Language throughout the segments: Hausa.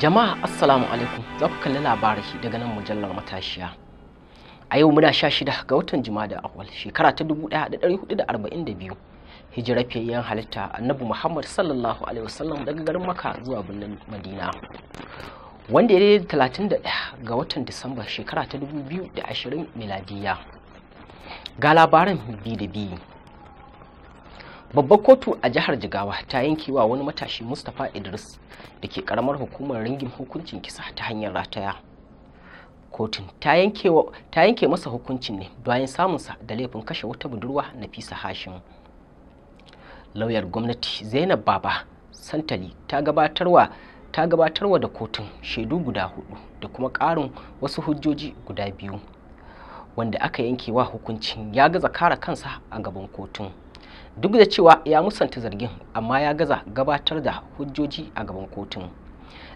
Jama'a Assalamu alaikum za ku kalli labarai daga nan mujallar matashiya. A yau muna sha shida ga watan da Awwal shekara ta 1442 hijira fiyayyen halitta Annabi Muhammad sallallahu alaihi wasallam daga garin Makka zuwa birnin Madina. Wanda ya daidai 31 ga watan Disamba shekara ta 2020 miladiya. Ga labaran bi da biyu. babbar kotu a jihar jigawa ta yanke wa wani matashi mustapha idris da ke karamar hukumar ringin hukuncin kisa ta hanyar rataya kotun ta yanke masa hukuncin ne bayan samunsa da laifin kashe wata budurwa na fisa hashin. lauyar gwamnati zainab baba santali ta gabatarwa ta gabatarwa da kotun shaidu guda hudu da kuma karin wasu hujjoji guda biyu wanda aka yanke wa hukuncin ya gaza kara kansa a gaban kotun duk da cewa ya musanta zargin amma ya gaza gabatar da hujjoji a gaban kotun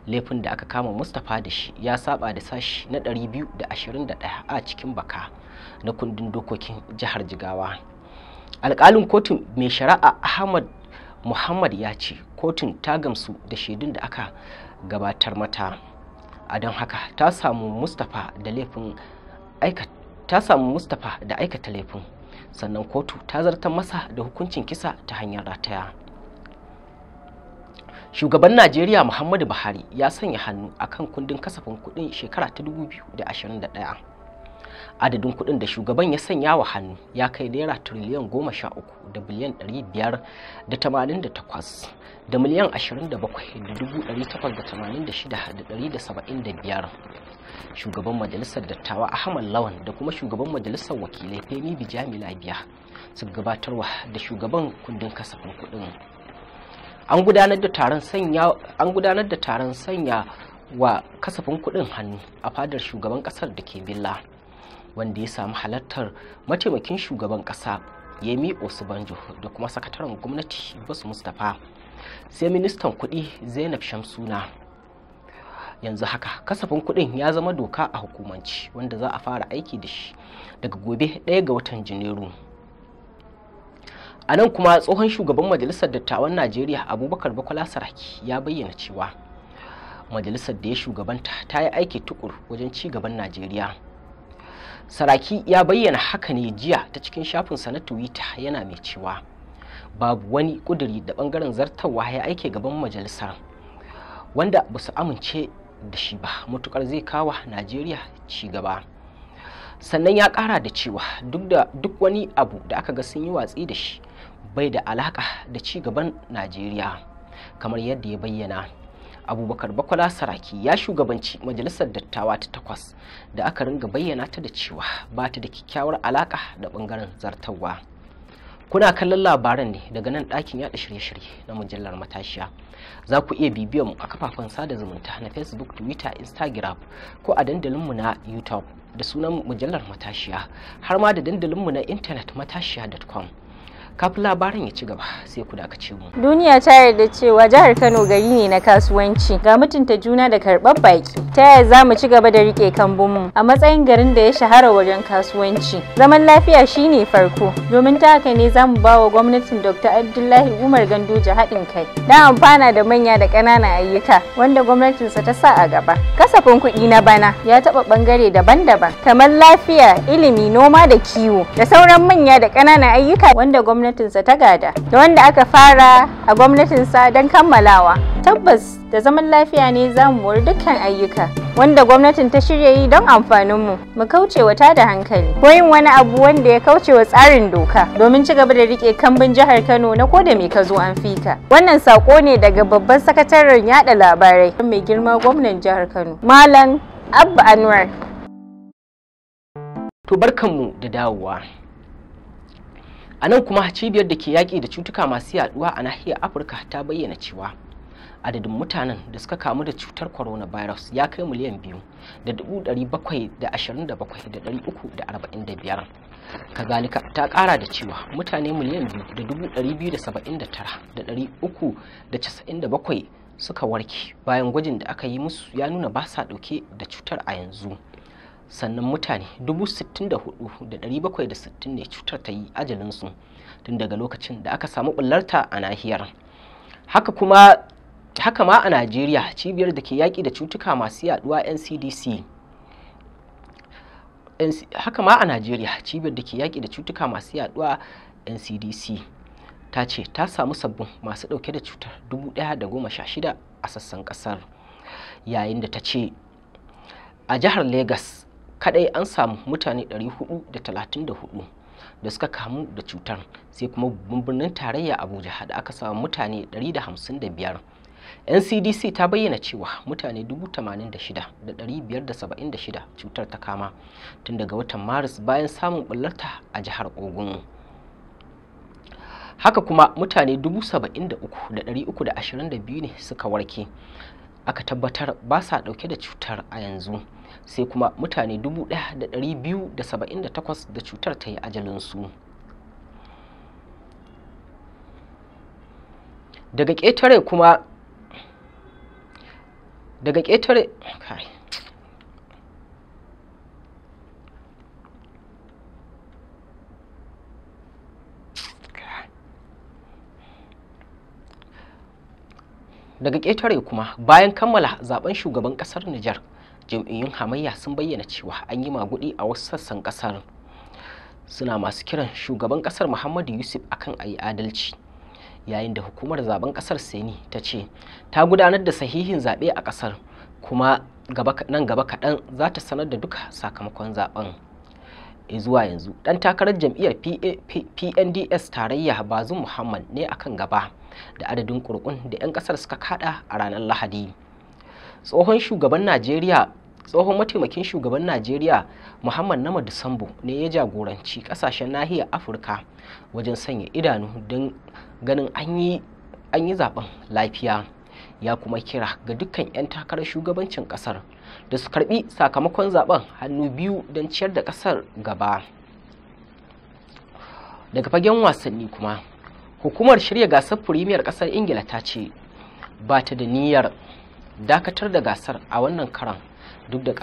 laifin da aka kama mustapha da shi ya saba da sashi na 221 a cikin baka na kundin dokokin jihar jigawa alkalin kotun mai shari'a ahmad muhammad ya ce kotun ta gamsu da shaidun da aka gabatar mata a don haka ta samu mustapha da mustapha da aikata laifin sannan kotu ta zartar masa da hukuncin kisa ta hanyar rataya shugaban najeriya muhammadu buhari ya sanya hannu akan kundin kasafin kudin shekara ta 2021 adadin kuɗin da shugaban ya sanya wa hannu ya kai naira tiriliyan goma sha uku da biliyan ɗari biyar da tamanin da takwas da miliyan ashirin da bakwai da dubu ɗari takwas da tamanin da shida da ɗari da saba'in da biyar shugaban majalisar dattawa ahmad lawan da kuma shugaban majalisar wakilai femi bijamila biya su gabatarwa da shugaban kundin kasafin kuɗin an gudanar da taron sanya an gudanar da taron sanya wa kasafin kuɗin hannu a fadar shugaban ƙasar da ke billa wanda ya samu halartar mataimakin shugaban ƙasa yemi Banjo da kuma sakataren gwamnati bas mustapha sai ministan kuɗi zainab shamsuna yanzu haka kasafin kuɗin ya zama doka a hukumanci wanda za a fara aiki da shi daga gobe ɗaya ga watan janairu a nan kuma tsohon shugaban majalisar dattawan najeriya abubakar bakwala saraki ya bayyana cewa majalisar da ya shugabanta ta yi aiki tukur wajen ci gaban najeriya saraki ya bayyana haka ne jiya ta cikin shafinsa na twitter yana mai cewa babu wani kuduri da bangaren zartarwa ya aike gaban majalisar wanda ba su amince da shi ba matukar zai kawa najeriya ci gaba sannan ya kara da cewa duk duk wani abu da aka ga sun yi watsi da shi bai da alaka da ci gaban najeriya kamar yadda ya bayyana abubakar bakwala saraki ya shugabanci majalisar dattawa ta takwas da aka ringa bayyana ta da cewa ba ta da kyakkyawar alaka da bangaren zartawa kuna kallon labaran ne daga nan ɗakin yaɗa shirye-shirye na mujallar matashiya za ku iya bibiyar mu a kafafen sada zumunta na facebook twitter instagram ko a dandalinmu na youtube da sunan mujallar matashiya har ma da dandalinmu na intanet matashiya.com kafin labarin ya ci gaba sai ku dakace mu duniya ta yarda cewa jihar kano gari ne na kasuwanci ga mutunta juna da karɓar baki ta yaya za mu ci gaba da riƙe bumu a matsayin garin da ya shahara wajen kasuwanci zaman lafiya shine farko domin ta haka ne za mu ba wa gwamnatin dr abdullahi umar Gandu haɗin kai Na amfana da manya da ƙananan ayyuka wanda gwamnatinsa ta sa a gaba kasafin kuɗi na bana ya taɓa ɓangare daban-daban kamar lafiya ilimi noma da kiwo da sauran manya da ƙananan ayyuka wanda gwamnati gwamnatinsa ta gada da wanda aka fara a gwamnatinsa don kammalawa tabbas da zaman lafiya ne za mu wari dukkan ayyuka wanda gwamnatin ta shirya yi don amfaninmu mu kauce wa da hankali koyin wani abu wanda ya kauce wa tsarin doka domin ci gaba da rike kambin jihar Kano na koda mai ka zo an fika wannan sako ne daga babban sakataren yada labarai mai girma gwamnan jihar Kano malam Abba Anwar to barkanmu da dawowa a nan kuma cibiyar da ke yaƙi da cutuka masu yaduwa a nahiyar afirka ta bayyana cewa adadin mutanen da suka kamu da cutar coronavirus ya kai miliyan biyu da dubu ɗari bakwai da ashirin da bakwai da ɗari uku da arba'in da biyar kazalika ta ƙara da cewa mutane miliyan biyu da dubu ɗari biyu da saba'in da tara da ɗari uku da casa'in da bakwai suka warke bayan gwajin da aka yi musu ya nuna ba sa ɗauke da cutar a yanzu sannan mutane 64,760 ne cutar ta yi ajalinsu tun daga lokacin da aka samu bullarta a nahiyar haka kuma haka ma a najeriya cibiyar da ke yaƙi da cutuka masu yaduwa ncdc haka ma a najeriya cibiyar da ke yaƙi da cutuka masu yaduwa ncdc ta ce ta samu sabbin masu ɗauke da cutar 1,016 a sassan ƙasar yayin da ta ce a jihar Legas kadai an samu mutane 434 da suka kamu da cutar sai kuma birnin tarayya abuja da aka samu mutane 155 ncdc ta bayyana cewa mutane 86,576 cutar ta kama tun daga watan maris bayan samun bullarta a jihar ogun haka kuma mutane 73,322 ne suka warke aka tabbatar ba sa dauke da cutar a yanzu sai kuma mutane 1,278 da cutar ta yi ajalinsu daga ƙetare kuma daga ƙetare okay. daga ƙetare kuma bayan kammala zaben shugaban ƙasar Nijar jam'iyyun hamayya sun bayyana cewa an yi maguɗi a wasu sassan ƙasar suna masu kiran shugaban ƙasar Muhammadu Yusuf akan a yi adalci yayin da hukumar zaben ƙasar Seni ta ce ta gudanar da sahihin zaɓe a ƙasar kuma nan gaba kaɗan za ta sanar da duka sakamakon zaben. zuwa yanzu ɗan takarar jam'iyyar pnds tarayya bazum muhammad ne akan gaba da adadin kurkun da 'yan kasar suka kada a ranar lahadi tsohon shugaban najeriya tsohon mataimakin shugaban najeriya muhammad Nama sambo ne ya jagoranci kasashen nahiyar afirka wajen sanya idanu don ganin an yi zaben lafiya ya kuma kira ga dukkan 'yan takarar shugabancin kasar da su karbi sakamakon zaben hannu biyu don ciyar da kasar gaba daga fagen wasanni kuma hukumar shirya gasar firimiyar kasar ingila ta ce ba ta da niyyar dakatar da gasar a wannan karan duk da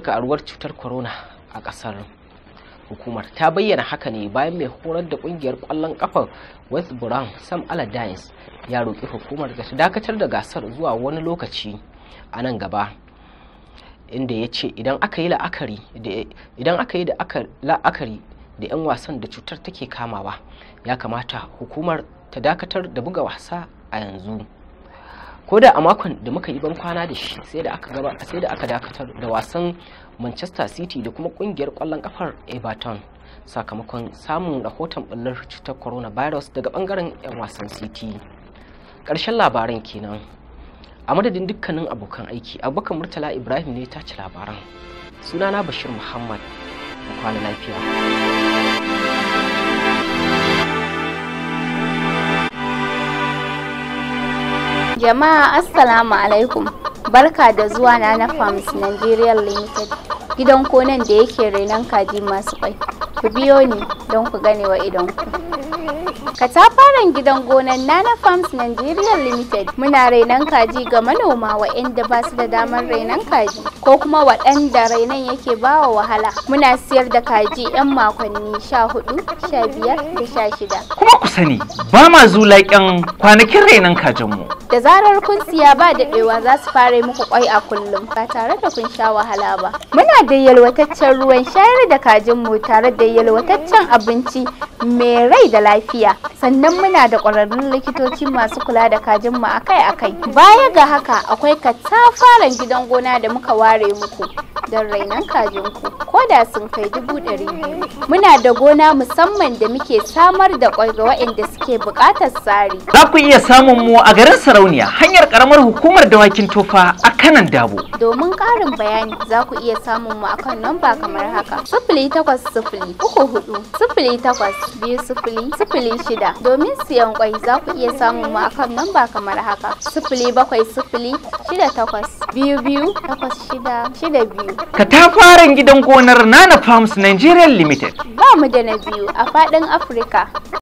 karuwar cutar corona a kasar hukumar ta bayyana haka ne bayan mai horar da kungiyar kwallon kafar west brown sam allardyce ya roƙi hukumar da ta dakatar da gasar zuwa wani lokaci a nan gaba inda ya ce idan aka yi la'akari da 'yan wasan da cutar take kamawa ya kamata hukumar ta dakatar da buga wasa a yanzu ko da a makon da muka yi kwana da shi sai da aka gaba sai da aka dakatar da wasan manchester city da kuma kungiyar kwallon kafar everton sakamakon samun rahoton ɓullar cutar coronavirus daga bangaren 'yan wasan city ƙarshen labaran kenan a madadin dukkanin abokan aiki abokan murtala ibrahim ne ta ci labaran sunana bashir muhammad kwana lafiya Jama'a Assalamu alaikum. Barka da zuwa na na Farms Nigeria Limited. Gidan konan da yake renon kaji masu kwai. ku biyo ni don ku gane wa ku. Katafaren gidan gonan Nana Farms Nigeria Limited muna rainan kaji ga manoma waɗanda ba su da damar rainan kaji ko kuma waɗanda rainan yake bawa wahala. Muna siyar da kaji 'yan makonni 14, 15 da 16. Kuma ku sani ba ma zulaƙen kwanakin rainan kajinmu. Da zarar kun siya ba daɗewa za su fara muku kwai a kullum ba tare da kun sha wahala ba. Muna da yalwataccen ruwan shayar da kajinmu tare da yalwataccen abinci mai rai da lafiya sannan muna da ƙwararrun likitoci masu kula da kajin mu akai-akai baya ga haka akwai katafaren gidan gona da muka ware muku don rainon ku ko da sun kai dubu ɗari muna da gona musamman da muke samar da ƙwai ga waɗanda suke buƙatar tsari za ku iya samun mu a garin sarauniya hanyar ƙaramar hukumar dawakin tofa a kanan dabo domin ƙarin bayani za ku iya samun mu akan lamba kamar haka sifili takwas sifili uku hudu sifili takwas biyu sifili sifili shida domin siyan kwai za ku iya samun mu akan namba kamar haka sifili bakwai sifili shida takwas biyu biyu takwas shida shida biyu. Katafaren gidan gonar Nana Farms Nigerian Limited. Ba mu da na biyu a faɗin Afirka.